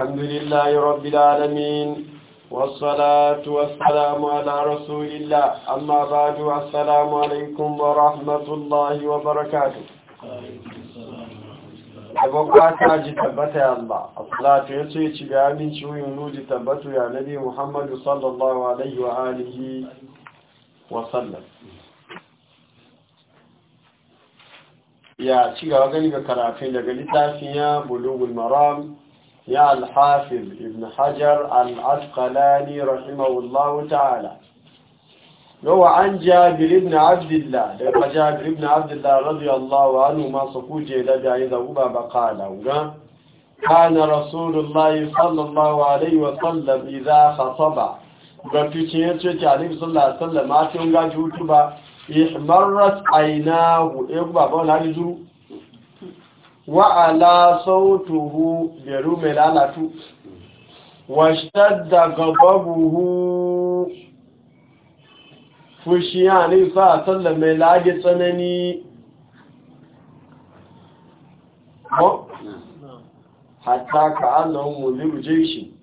الحمد لله رب العالمين والصلاة والسلام على رسول الله أما بعد السلام عليكم ورحمة الله وبركاته أبوكات ناجي تبت يا الله الصلاة يسوي تبعامين شوي ونوجي تبت يا نبي محمد صلى الله عليه وآله وسلم يا شيخ أغنى كرافين لقلتا فيها بلوغ المرام يا الحافظ ابن حجر العسقلاني رحمه الله تعالى هو عن جابر بن عبد الله لما جابر بن عبد الله رضي الله عنه ما صفوجه لدى عيد أبا بقال كان رسول الله صلى الله عليه وسلم إذا خطب رفتشين شكي عليه صلى الله عليه وسلم ما تنقى جوتبا إحمرت عيناه إبا بولا يزروا wa'ala sautuhu da rume lalatu washtadda gababuhu fushiya ne sa sallar mai lage tsanani hatta ka allahun muliru jeshi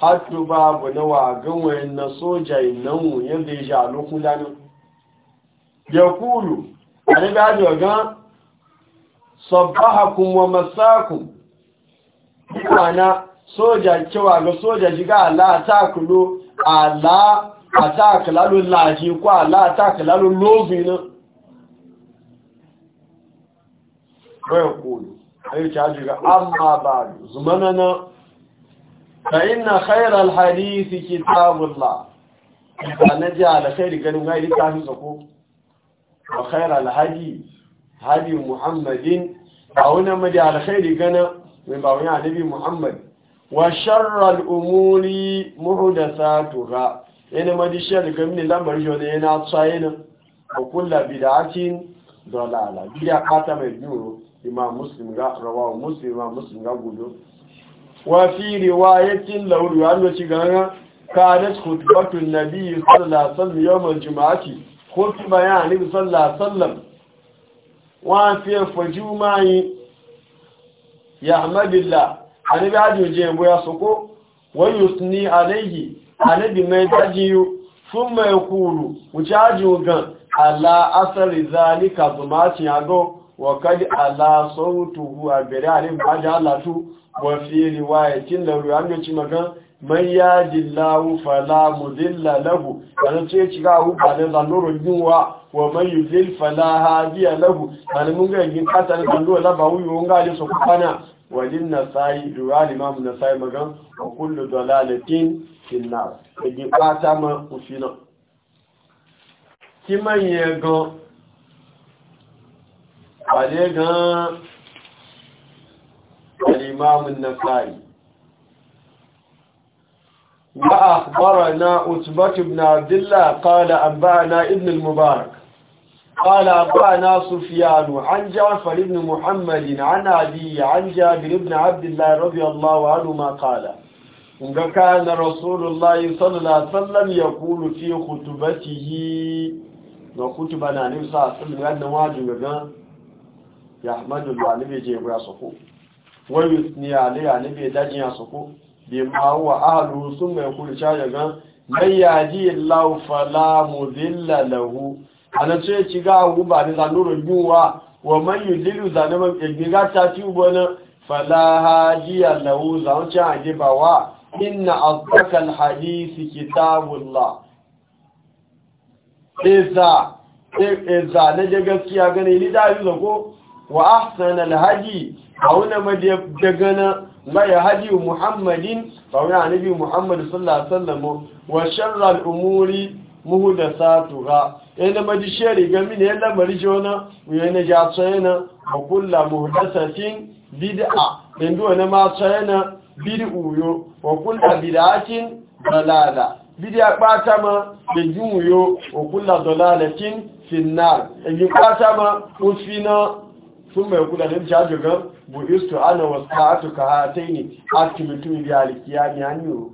hatu babu na wagon na soja nan yadda ya sha lokulanin ya kulu a ni wa gan sabbahakum wa masakum kana soja cewa ga soja jiga Allah ta kulo Allah ata kalalu laji ko Allah ta kalalu lobi na bai kulo ayi ta jiga amma ba na fa inna khayral hadith kitabullah na ji ala khairi ganin ga ita su ko wa khayra hadi hadi muhammadin ba wani maji alkhairi gana mai ba wani annabi muhammad wa sharral umuri Tura, yana maji shar gamin lamar jona yana tsayina wa kullu bid'atin dalala bid'a kata mai duro imam muslim ga rawahu muslim imam muslim ga gudu wa fi riwayatin lauru ya lokaci gana kanat khutbatun nabi sallallahu alaihi wasallam yawm al-jum'ati khutba ya nabi sallallahu alaihi wasallam wọ́n fi ẹ̀fọ̀jú máa yin ya ahmadilla anibi ajiyar jẹ́ ìbúya sọ́kó wọ́n yóò sí ní aléyìí anibi mẹ́dájíyó wuce ajiyar gan ala asari zalika zumatin agọ́ wakadi ala sautuhu a bere alif baji alatu wa fi riwayatin da ruwanyoci magan man yaji lawu fala mudilla lahu wani ce ci ga abubuwa da zanurin yunwa wa man yuzil fala hadiya lahu an mun ga yin hatan da dole la ba wuyu su kana wa lin nasai duwa limam nasai magan wa kullu dalalatin ma ufina ki man e ye go ale ga limam nasai ما أخبرنا أثبت بن عبد الله قال أنبعنا ابن المبارك قال أبانا سفيان عن جعفر بن محمد عن أبي عن جابر بن عبد الله رضي الله عنهما قال وكان رسول الله صلى الله عليه وسلم يقول في خطبته وخطبنا نبي صلى الله عليه وسلم قال نواجه يحمد الله نبي جيب راسكو ويثني عليه نبي داجي راسكو بما هو أهله ثم يقول شاجة من يهدي الله فلا مذل له ana ce ci ga guba ne zanu rubuwa wa man yudilu zanu man giga ta ci ubona fala hajiya lahu zanu ci ajibawa inna asdaka alhadisi kitabullah iza iza e, ne da gaskiya gane ni da yi zako wa ahsan alhaji auna ma da gana mai haji muhammadin fa wani annabi muhammad sallallahu alaihi wasallam wa sharra umuri muhu da satuha yana maji shari gami ne yana mariji wani yana ja tsayana a kulla muhdasatin bid'a yanzu wani ma tsayana bid'uyo wa kulla bid'akin dalala bid'a bata ma yanzu uyo wa kulla dalalatin finnar yanzu bata ma ufina sun mai kula da jajugan bu istu ana wasu ka hatai ne a cikin mutum da alkiyami hanyoyi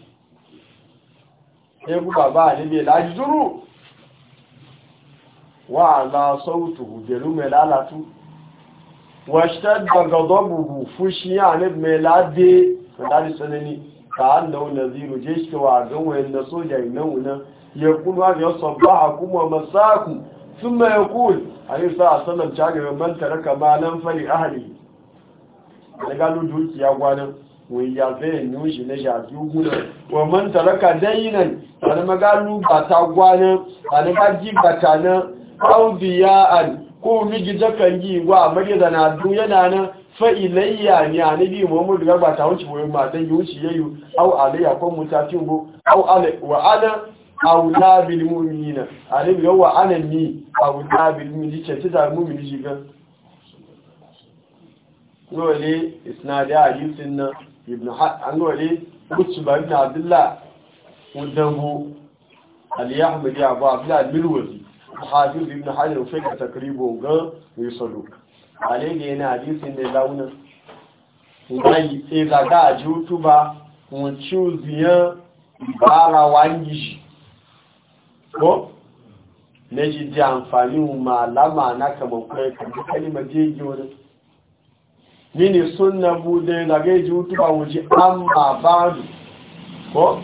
sai ku ba ba ni bai laji duru wa ala sautu gudelu mai lalatu wa shita daga dogugu fushi ya ne mai lade ladi sanani ta hannu wunan ziru je shi wa ganwayen na soja ina wunan ya kuma ya sabba a kuma masaku sun mai kuwa a yi sa a sanar cagaban mantara kamanan fari ahali da gano dukiya gwanan wai ya zai nushi na shafi guda wa man taraka dainan wani magalu ba ta gwana wani gaji ba ta nan a ko miji zakan yi wa mariza na du yana nan fa'ilayya ne a nabi muhammadu gaba ta wuce ma matan yi wuce yi au alayya ta fi bu au wa ana aula bil mu'minina alim yawa ana ni aula bil mu'minina ce ta mu'minina jiga dole isnadi a yusin nan ibn hanwale mutuba ibn abdullah wadango al-yahmid ya abu abdullah al-milwazi hafiz ibn hajar sai ka takribo ga mai sadu alege yana hadisin da launa ngai sai e zaga a jutuba mun ciuziya bara wangi ko Neji ji amfani malama na kamar kai kalima jeji wani mini sunna bude lage ji utuba wuji amma badu ko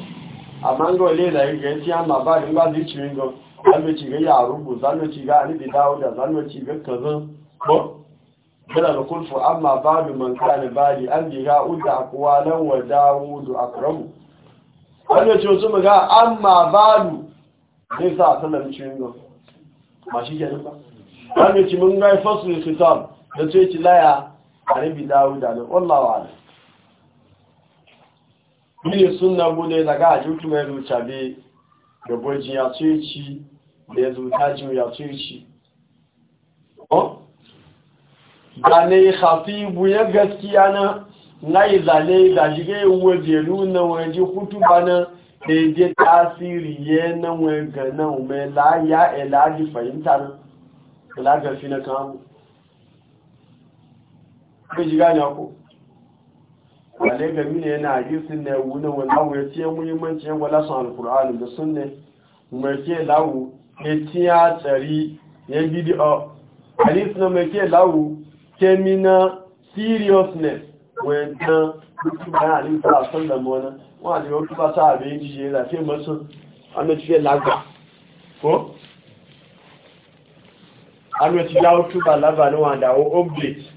amma ngo le da yake ti amma badu ba zai ci ngo zanu ci ga yaro bu zanu ci ga ani bi dawo da zanu ci ga kaza ko bila da kulfu amma badu man kana bali an bi ga udda nan wa dawudu akramu wannan ce su ga amma badu zai sa sallan ci ngo ma shi ke ba wannan ci mun ga fasul khitab da ce ci laya àríbì dáúdà lọ ọláwà rẹ̀ bí i súnnà gúlé daga àjútù ẹrù tàbí gbogbogi da èkì lẹ́zù dájú yàtọ̀ èkì zane hafibu ya gaskiya na nai zane dajigai wajelu na waje hutu bana daidai tasiri yana wega na umela ya elaji fahimtar na elagafi na kamu kaji gane ku wale gami ne yana hadisin na yawu na wani awu ya ce muhimmanci yan wala sun alkur'ani da sun ne mai ke lawu ya tiya tsari ya gidi a hadis na mai ke lawu ke mina seriousness wadannan duk bayan hadisa a san da mona wani da yau ba sa abin jije da ke masu an da cike lagba ko an da cike tuba lagba wanda wa oblate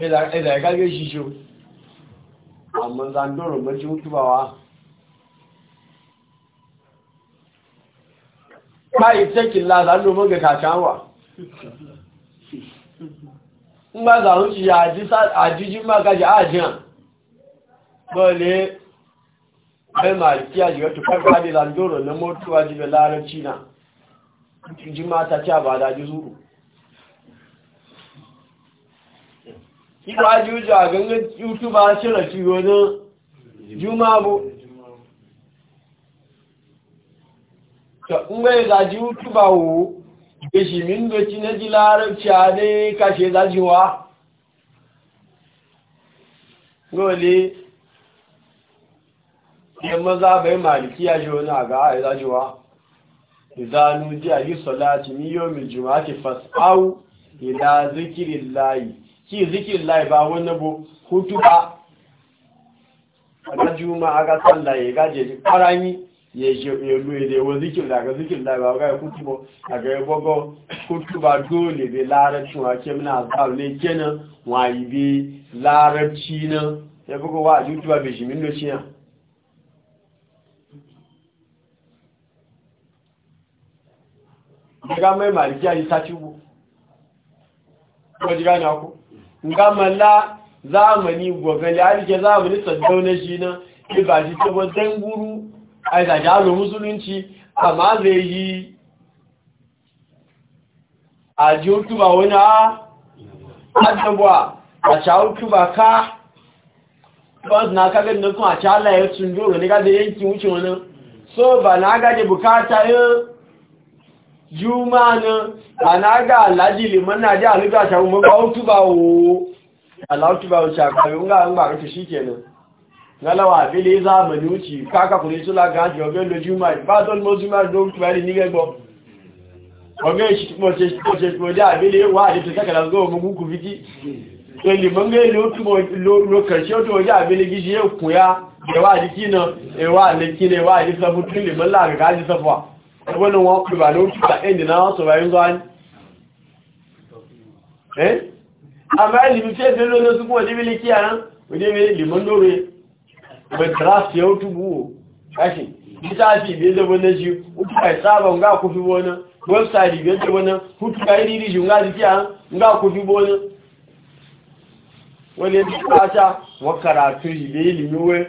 ẹ̀dà ìgágé ṣíṣò àmọ́ zandoro mẹ́jì ń túbà wá báyìí tẹ́kìlá zandó mọ́gẹ̀ kàkàwà ńgbà zàrún ti yà àjíjí mákàjá àjíyàn bọ́ọ̀lẹ́ bẹ́ẹ̀mà kí àjíyàn tó pẹ́pàá dé zandoro na mọ́túwájú láàrín china jí kíkọ́ ajújọ àgbẹ̀gbẹ̀ tí ó bá ṣẹlẹ̀ tí ó ní jùmọ́bù ṣọ̀kúngbẹ̀ ìdájí ó túbà wò èṣì mi ń lọ́tí nẹ́jí láàárọ̀ tí a ní káṣẹ ìdájí wá gọ́ọ̀lẹ́ yẹmọ́zá bẹ̀ màlìkí ajọ́ náà gá ìdájí wá ìdánú jẹ́ àyíṣọ́lá ti ní yóò mìjùmọ́ àti fàṣáwù ìlà zikiri láyìí ki zikin lai ba wani bu hutu ba a ga a ga sallah ya gaje karami ya lu ya wa zikin da ga zikin lai ba ga hutu ba a ga gbogbo hutu ba dole bai larabci wa ke muna zaune ne kenan wayi bai larabci na ya bugu wa jutu ba bai shi min lociya ga mai maliki a yi sati bu ko ji gane ku ngamala zamani gwagali harike zamani saddauna shi na ba shi sabon danguru a zaji halo musulunci amma zai yi a ji hutuba wani a adabuwa a sha hutuba ka ba na kagar da kuma a sha Allah ya sun joro ne ga da yankin wuce wani so ba na gaje bukata yin juma anaga alhaji liman na ji aluga shagun rufe shi galawa kaka kuri sula juma juma fiti ya wannan wọn kò bà ló ti bà ẹni náà ne? ẹ̀yìn zuwa ní ẹ́ àmà ìlìmí tí ẹ̀fẹ́ lónà súnkún ọdíbí lè kí à ń òdíbí lèmọ́ lórí bẹ̀tẹ̀ráfì ẹ̀ ó túbú wò káṣì nítàfì ìgbésẹ̀wọ́ náà ṣe ó kúkà ìsáàbà ń gá kó fi wọ́nà wẹ́bsáìtì ìgbésẹ̀wọ́ náà ó túkà ìrírí ṣe ń gá kí à ń gá kó fi wọ́nà wọ́n lè ti pàṣà wọ́n kàrà àtúnyìlé ìlìmí wẹ́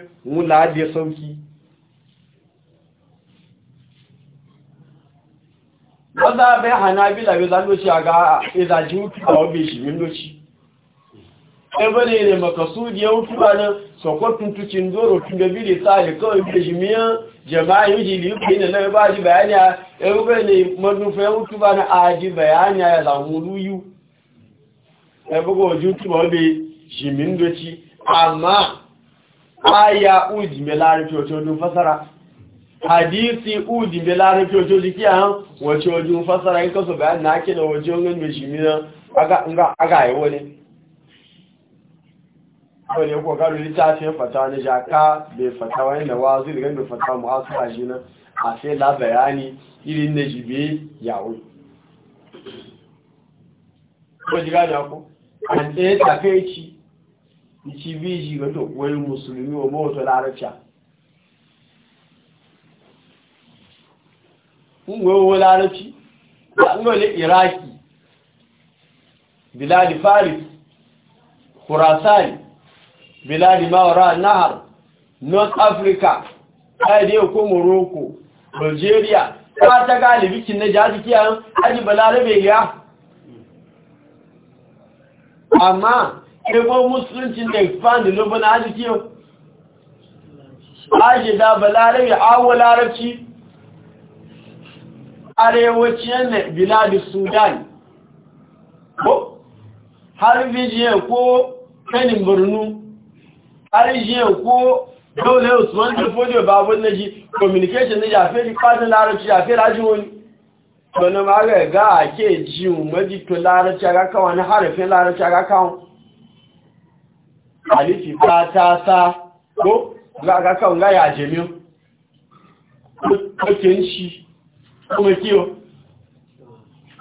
lọ́dá abẹ́ hanabila yóò lálóṣì àga ìdàjí òtúbà ọgbẹ̀ ìṣìrí lóṣì ẹgbẹ́ ní ilẹ̀ mọ̀kànsú di òtúbà náà sọ̀kọ́ tuntun ti ń dóró tún bẹ̀bí lè sáà ẹ̀kọ́ ìgbèṣìmíyàn jẹ̀má yóò jì lè pè ní lọ́wọ́ bá jí na ẹgbẹ́ ní mọ́dúnfẹ́ òtúbà náà àjí bàyáni àyàlàmú lúyú ẹgbẹ́gbẹ́ hadisi udi bi larabci wajen jiki a wace wajen fasara in kaso bayan na ake da wajen wani mai shi mina aga yi wani wani kuwa karo littafin fata na jaka bai fata wani da wazu da gani fata mu'asu a shi na a sai la bayani irin na jibe yawo wajen gani ako an tsaye tafe ci ci biji ga to wani musulmi wa mawata larabci ngwewo larabci ngole iraki biladi faris khurasan biladi mawara nahar north africa kaide ko morocco algeria ta ta galibi kin na jaji kiyan aji balarabe ya amma ebo musulunci da expand lobon aji kiyo aji da balarabe awo larabci arewacin biladi sudan ko har vijiye ko kanin birnu har jiye ko daular usman telefoniyo babun na ji communication na jafe ji kwanan larabci jafe rajin wani wani mara ga ake ji majito larabci ga kawo wani harafin larabci ga kawo alifi ba ta sa ko ga kawo ga ya jami'in kwakin shi kuma kiyo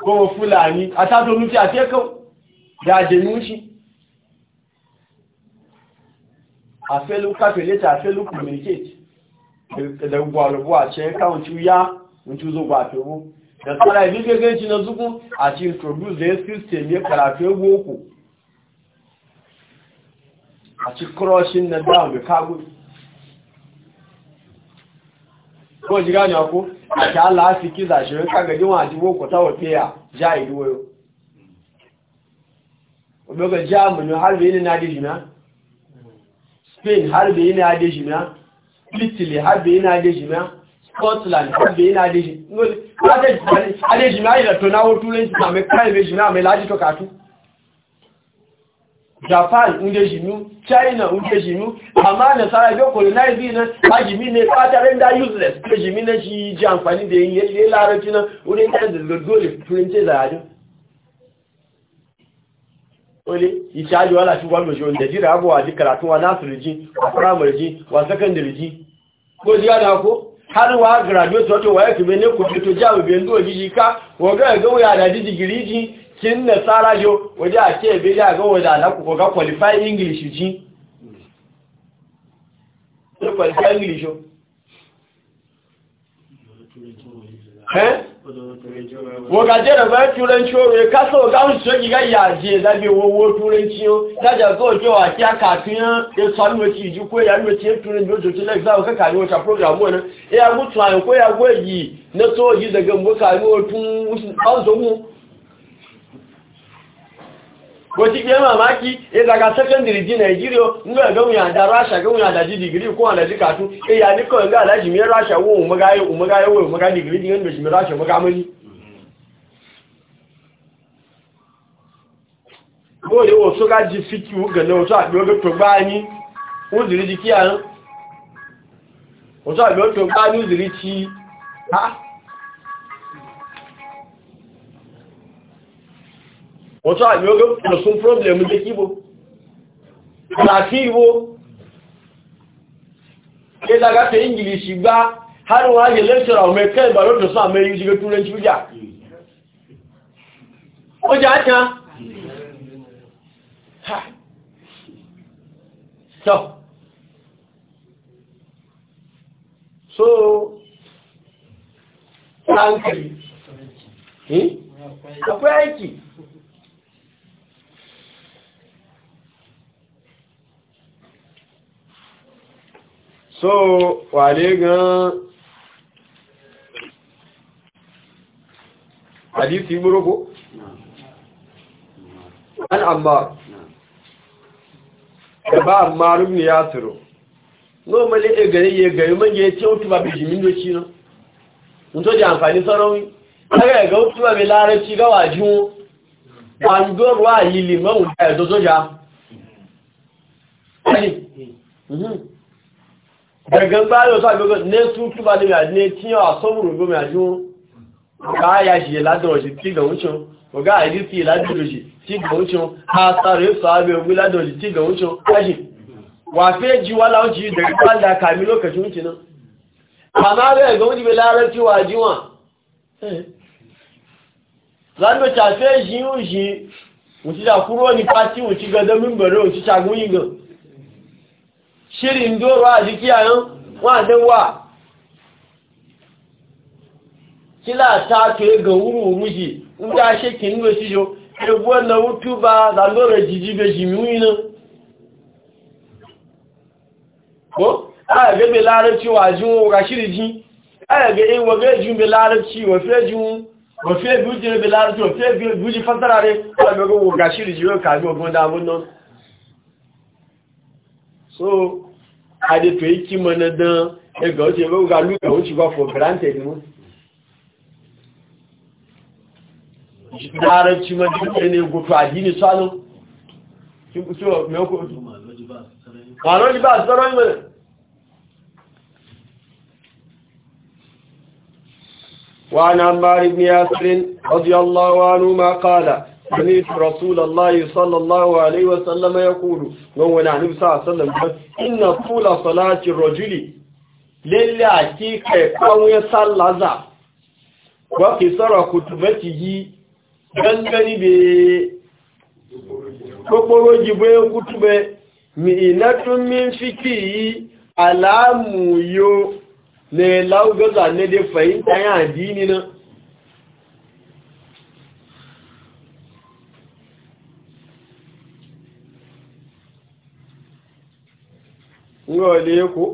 kuma fulani a tato nufi a tekau da ajenushi a felu calculate a felu communicate da gwalugwa a ce kawancu ya mutu zo gwafewo da tsara ibi na zukun a introduce system ya na da ko àti aláàfikí ìzàṣẹ̀rẹ́ kágẹ̀dí wọn àti wọ́n kọ̀tàwọ̀ pé à já ìlúwọ́ yóò ọgbẹ́gbẹ̀ já mọ̀nà harbi ní adéjìmá spain harbi ní adéjìmá italy harbi ní adéjìmá scotland na ní adéjìmá adéjìmá ìrẹ̀tọ̀ náwó túnlẹ̀ japan unde jinu china unde jinu amma na sara biyo colonize na ba jimi ne ba ta renda useless ko jimi ne shi ji amfani da yin yadda ya larabci nan wurin ta yanzu da dole turin ce da yajin wale ita ajiye wala shi gwamna shi wanda jira abuwa ji karatu wa nasu wa a firamar ji wa secondary ji ko ji yada ko har wa graduate wato wa ya fi ne ku fito jawo bendo jiji ka wa ga ga wuya da jiji giri ji kin na tsara yo waje a ke be ya ga waje na ku ga qualify english ji ko qualify english eh wo ga je da ba turanci o ka so ga un so ga ya je da bi wo wo turanci o da ja go jo a ti aka tin e so nu ti ju ko ya nu ti turanci o jo ti le za ka ka yo ta program wo na e ya mu ko ya go yi na so yi daga mu ka yo tun an zo bó ti gbé màmá kí ìdàgà secondary di nigeria nígbà ẹ̀gbọ́n rasha russia gbọ́n àdá di dìgírí kún àlẹ́dí kàtún èyà ní kọ̀ ẹ̀gbẹ́ alájì mi ya wọ́n òmùgáyé òmùgáyé wọ́n òmùgá dìgírí di ẹ̀gbẹ́ ìṣẹ̀mí russia òmùgá mọ́ní. bóyá wò sóga di fíkì wù gẹ̀lẹ́ wò sọ àgbẹ̀ oge tó gbá ní wùdìrí di kíá wò sọ àgbẹ̀ tó gbá ní wọ́n tó àmì ogó pẹ̀lọ̀sún pọ́blẹ̀mù jẹ́ kíbò láti ìwò ẹlágàtẹ̀ ingilishi gbá hannun wáyé lẹ́tọ̀rọ̀ ọmọ ẹ̀kẹ́ ìbàlótò sọ àmì ẹ̀yí akwai aiki so wale gan hadisi buroko an amma da ba amma ne ya tsiro normally e gari ya gari man ya ce otu ba bijimin doci na mutu da amfani sarauni aga ga otu ba bi larabci ga wajin an doruwa yi liman wuta ya zozoja gẹ̀gẹ̀n bá yóò sàgbẹ́gbẹ́ ní tún túbà ní àdínẹ́ tí yàn àsọ́wùrù gómìn àjú káyà ṣe ládọ̀ọ̀ṣì tí gàúnṣùn ọ̀gá àìdí sí ládọ̀ọ̀ṣì tí gàúnṣùn àtàrí sàábẹ̀ ogun ládọ̀ọ̀ṣì tí gàúnṣùn káṣì wà fẹ́ jí wá láwọn jí dẹ̀gbàlá kàmí lókàṣún ti náà àmá bẹ́ẹ̀ gan ti bẹ láàrẹ tí wà jí wọn lánàá ṣàfẹ́ yìí ń yìí òtítà kúrò ní pátí òtí gẹdẹ́ mímbẹ̀rẹ̀ òtítà gúnyìn gan shirin doro a jiki a nan wadon kila ta to e e ga wuru mushi in ta ṣe kí nínú sí yóò ẹgbọ́n na wútú bá zandọ́rẹ̀ jìjì bẹ jì mú iná kó ayẹ̀gẹ́ bẹ láàrẹ tí wà jí wọn rashiri jí ayẹ̀gẹ́ ìwọ̀gẹ́ jù bẹ láàrẹ tí wọ̀fẹ́ jù wọ̀fẹ́ bújì bẹ láàrẹ tí a bújì fásitara rẹ ayẹ̀gẹ́ wọ rashiri jí wọn kàgbẹ́ ọgbọ́n so. adétò ikí mọ́nà dán ẹgbẹ̀ ó ẹgbẹ́ ògbà lúgbà ó ti wá for granted mú dára tí mọ́ jù ẹni gòtò àdínì sánú وعن عمار بن ياسر رضي الله عنهما قال سمعت رسول الله صلى الله عليه وسلم يقول وهو نحن صلى الله عليه وسلم إن طول صلاة الرجل للعكيك قوي صلى وقصر كتبته gangani be kokoro jibo ya kutube mi'inatun min fiki alamu yo ne laugaza ne da fahimta ya addini na ngole ku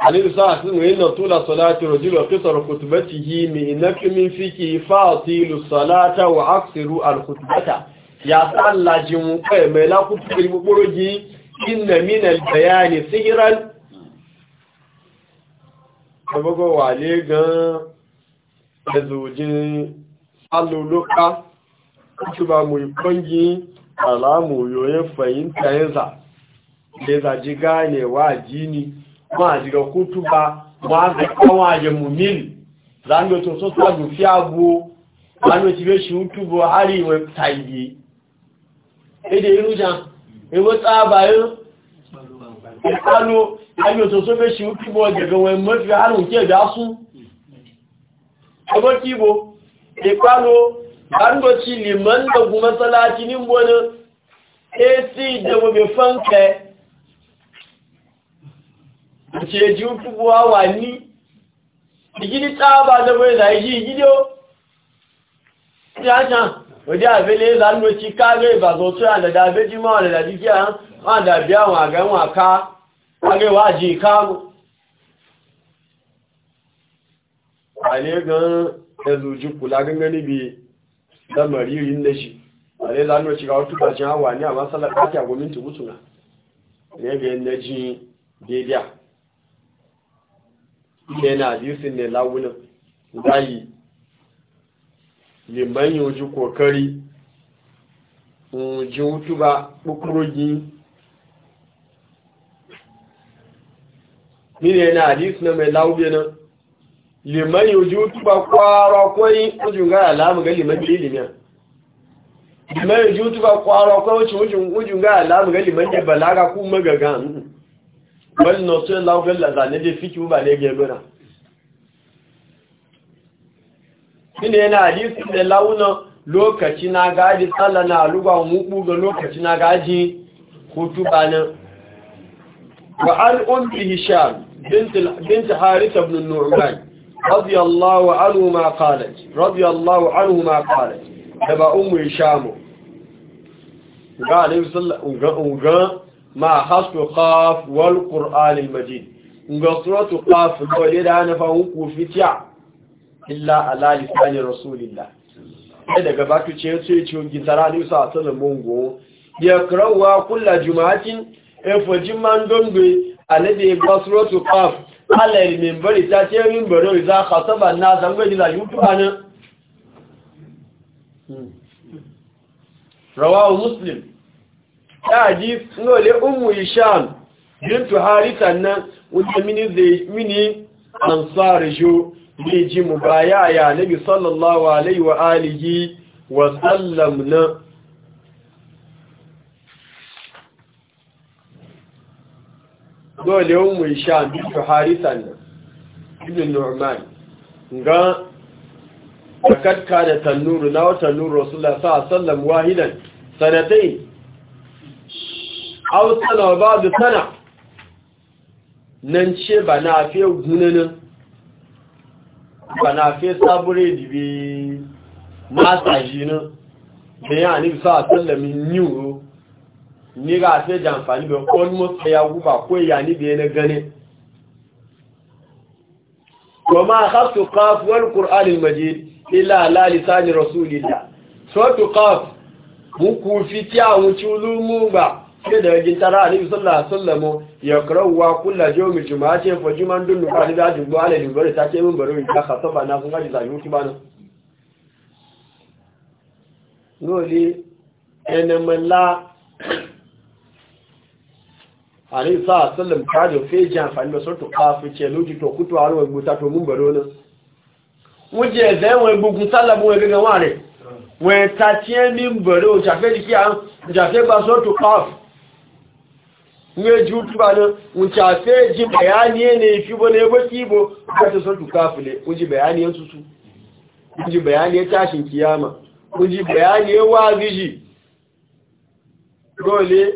Aliyu sa sun yi na tula salati rajulu wa kisar kutubatihi mi inafi min fiki fatilu salata wa aksiru al-kutubata ya tsallaji mu kai mai lakutu burgi inna min al-bayani sihiran abugo wale gan ezojin aluluka kutuba mu ikongi alamu yoyin fahimta yansa da zaji ganewa jini ma jiga kutu ba ma ga kawaje mumin zango to so ta gufi abu anu ti be shi hutu utubo hari we taigi ede iruja ewo tsaba yo e anu ayo to so be shi hutu utubo daga we mafi harun ke da su ebo kibo ipalo e an doci liman da kuma salatinin wani ac e da wabe fanka da ce ji kubuwa wani igidi tsaba da bai da iji igidiyo ya can wajen abele za an doci kare ba zo tura da dabe jimawa da da biya waka arewa a ne gan ya kula gangani biyu lamari yin na shi a zai zanuwa shiga wata bashin hawa ne a masalar kati a gominti wutuna ne ga yin na ji daidai ne na hadisin ne lawunan zayi liman yi ji kokari ji wutu ba bukurogi ne na hadis na mai lawunan liman yuju tuba kwara kwai ujun ga alamu ga liman ilimin liman yuju tuba kwara kwai wucin ujun ujun ga alamu ga liman da balaga ku magaga bal no sai lawo ga zane da fiki ba ne ga gona kine yana hadisi da launa lokaci na gaji sallana lugwa muku ga lokaci na gaji hutuba na wa al'ummi ummi hisham bint bint harith ibn nu'man رضي الله عنه ما قالت رضي الله عنه ما قالت تبا أم هشام قال وقال ما حسب قاف والقرآن المجيد وقصرة قاف الوليد أنا فهوك فتيع إلا على لسان رسول الله هذا قبعك تشيرتي تشيرتي تراني وساعتنا مونغو يقرأوا كل جمعة فجمان دنبي الذي قصرة قاف alal mimbari ta ce mimbari za ka saba na zangon gida yutuwa hmm. nan rawawa muslim ta ji nole umu isham bintu haritan nan wanda mini ansar jo ne ji mu baya ya nabi sallallahu alaihi wa wa sallam dole mun sha bitu harisan ibn nu'man ga takakka da tannuru na wata nuru rasulullah sallallahu alaihi wahidan sanatai aw sana ba da sana nan ce ba na fi gunanin ba na fi sabure dibe masaji da ya ni sa sallamin yiwu ni ga jamfani be amfani da almost ya guba ko ya ni da na gane kuma khasu qaf wal qur'an al majid illa la lisan rasulillah suratu qaf muku fi tiya wuci lumu ba sai da jin tara alaihi sallallahu alaihi wasallam ya karawa kullu jawmi juma'ati fa juman dun ka da jubu ala libari ta ce min bari ka khasaba na kun gaji zayu ki bana noli enamala àrí sáà sílẹ̀ káàdì fèèjì àǹfààní lọ́sọ́tò káàfin tí ẹ lójú tó kútó àwọn ẹgbò tàtò mú bẹ̀rẹ̀ ọ́nà wọ́n jẹ́ ẹ̀zẹ́ wọn egbógun ta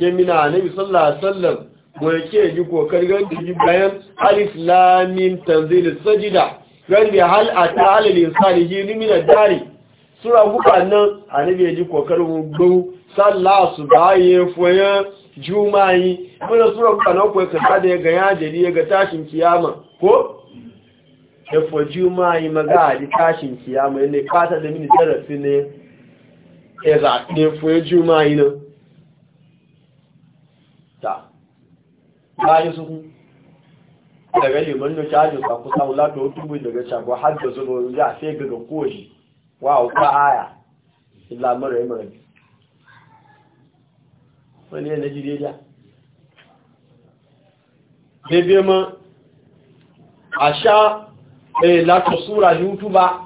ya mina annabi sallallahu alaihi wasallam ko ke yi kokari ganin ji bayan alislamin tanzilis sajida tanzil sajda ganin hal ata alil insani ji min ad-dari sura guba nan annabi ya ji kokarin gbu sallah su baye foye juma'i kuma sura guba nan ko ka da ya ga ya ga tashin kiyama ko ya fo juma'i maga di tashin kiyama ne kata da mini tarafi ne ya za ne foye juma'i nan bayan su daga liman da cajin sa kusa wula da hutubu daga shagwa har da zuwa ya sai gaga koji wa uka aya illa mara yi mara wani yana jireja bebe ma a sha ɗaya eh, lati sura yutuba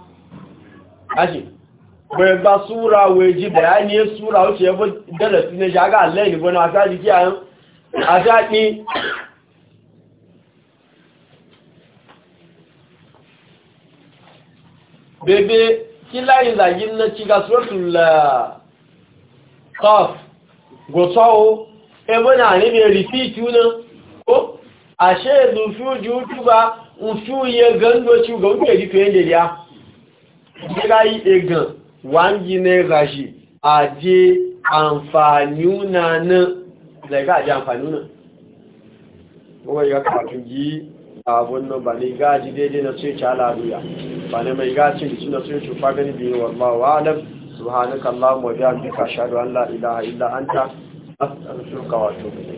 ake bai ba sura waje bayaniyar sura wuce ya fi darasi na shaga allai ne bane a sa jiki a yan a shaƙi bebe kí láyé zàyí ná tí ga sọ́tù lẹ́ẹ̀kọ́f gọ̀tọ́ o ẹgbẹ́ náà níbi rìfí ìtúná ó àṣẹ ìlú fíújú túbá ń fíú yẹ gan tí ó gọ̀ọ́gbẹ̀ ìdíkẹ̀ zai gaji amfani nan kuma ya kafin yi abun nan ba ne gaji daidai na sai ci alaruya ba ne mai gaci da suna sai cufa gani biyu wallah wa alam kallon allahumma wa bihamdika ashhadu an la ilaha illa an ta, wa atubu ilayk